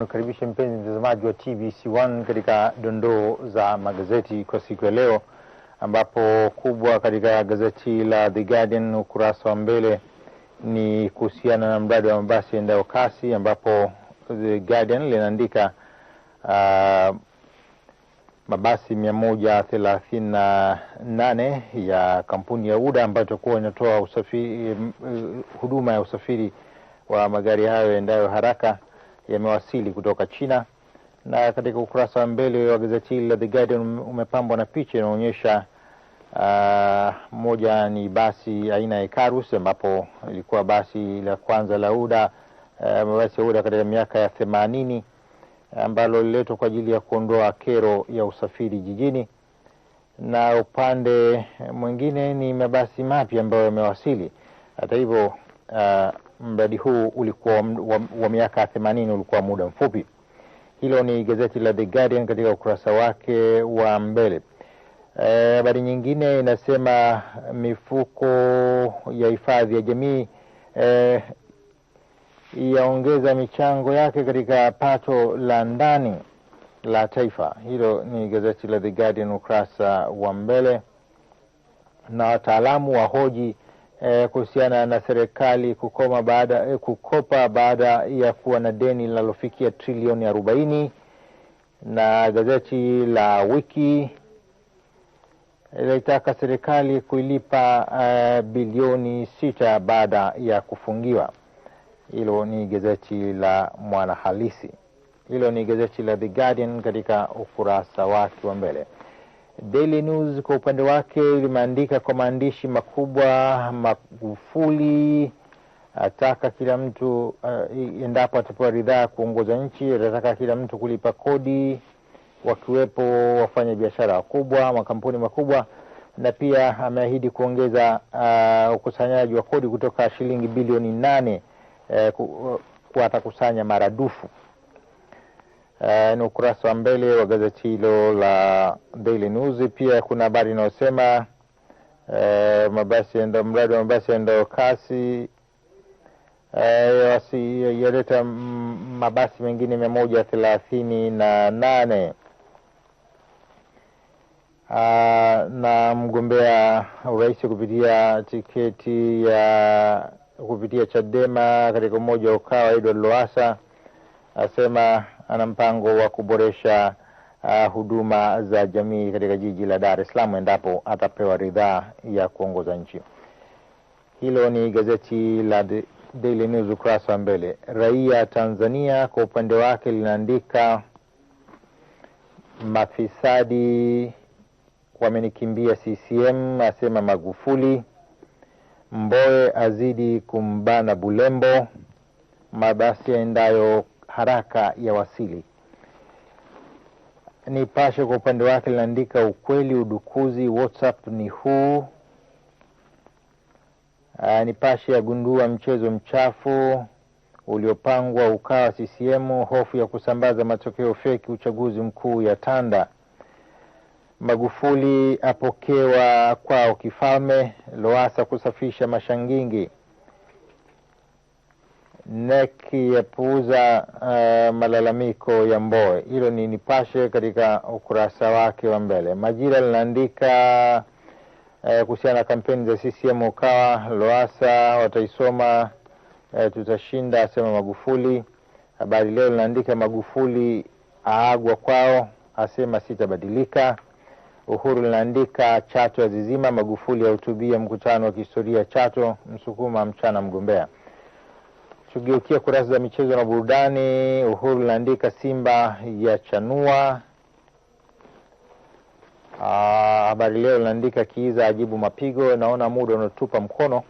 Nakaribisha mpenzi mtazamaji wa TBC1 katika dondoo za magazeti kwa siku ya leo, ambapo kubwa katika gazeti la The Guardian ukurasa wa mbele ni kuhusiana na mradi wa mabasi yaendayo kasi, ambapo The Guardian linaandika uh, mabasi mia moja thelathini na nane ya kampuni ya UDA ambayo itakuwa inatoa eh, huduma ya usafiri wa magari hayo yaendayo haraka yamewasili kutoka China, na katika ukurasa wa mbele wa gazeti hili la The Guardian umepambwa na picha inaonyesha uh, moja ni basi aina ya Karus ambapo ilikuwa basi la kwanza la UDA mabasi eh, uh, ya UDA katika miaka ya themanini ambalo lililetwa kwa ajili ya kuondoa kero ya usafiri jijini, na upande mwingine ni mabasi mapya ambayo yamewasili. Hata hivyo uh, mradi huu ulikuwa wa, wa miaka 80 ulikuwa muda mfupi. Hilo ni gazeti la The Guardian katika ukurasa wake wa mbele. E, habari e, nyingine inasema mifuko ya hifadhi ya jamii e, yaongeza michango yake katika pato la ndani la taifa. Hilo ni gazeti la The Guardian ukurasa wa mbele, na wataalamu wa hoji eh, kuhusiana na serikali kukoma baada, eh, kukopa baada ya kuwa na deni linalofikia trilioni arobaini na gazeti la Wiki ilitaka eh, serikali kuilipa uh, bilioni sita baada ya kufungiwa. Hilo ni gazeti la Mwanahalisi, hilo ni gazeti la The Guardian katika ukurasa wake wa mbele. Daily News kwa upande wake limeandika kwa maandishi makubwa, Magufuli ataka kila mtu uh, endapo atapewa ridhaa kuongoza nchi atataka kila mtu kulipa kodi, wakiwepo wafanya biashara wakubwa, makampuni makubwa, na pia ameahidi kuongeza uh, ukusanyaji wa kodi kutoka shilingi bilioni nane uh, uh atakusanya maradufu. Uh, ni ukurasa wa mbele wa gazeti hilo la Daily News. Pia kuna habari inayosema uh, mabasi ndo mradi wa mabasi ndo kasi uh, yaleta mabasi mengine mia moja thelathini na nane uh, na mgombea urais kupitia tiketi ya kupitia Chadema katika umoja wa Ukawa Edward Lowassa asema ana mpango wa kuboresha uh, huduma za jamii katika jiji la Dar es Salaam endapo atapewa ridhaa ya kuongoza nchi. Hilo ni gazeti la Daily News ukurasa wa mbele. Raia Tanzania kwa upande wake linaandika mafisadi wamenikimbia CCM, asema Magufuli. Mboe azidi kumbana Bulembo. Mabasi yaendayo haraka ya wasili. Nipashe kwa upande wake linaandika ukweli udukuzi, WhatsApp ni huu. Uh, Nipashe yagundua mchezo mchafu uliopangwa ukawa CCM, hofu ya kusambaza matokeo feki uchaguzi mkuu ya tanda. Magufuli apokewa kwao kifalme. Loasa kusafisha mashangingi. NEC yapuuza uh, e, malalamiko ya mboe Hilo ni Nipashe katika ukurasa wake wa mbele. Majira linaandika uh, kuhusiana na kampeni za CCM Ukawa, Loasa wataisoma uh, tutashinda, asema Magufuli. Habari Leo linaandika Magufuli aagwa kwao, asema sitabadilika. Uhuru linaandika Chato azizima Magufuli ahutubia mkutano wa kihistoria Chato, Msukuma mchana mgombea Tugeukia kurasa za michezo na burudani. Uhuru linaandika Simba ya chanua. Ah, Habari Leo linaandika Kiiza ajibu mapigo. Naona muda unatupa mkono.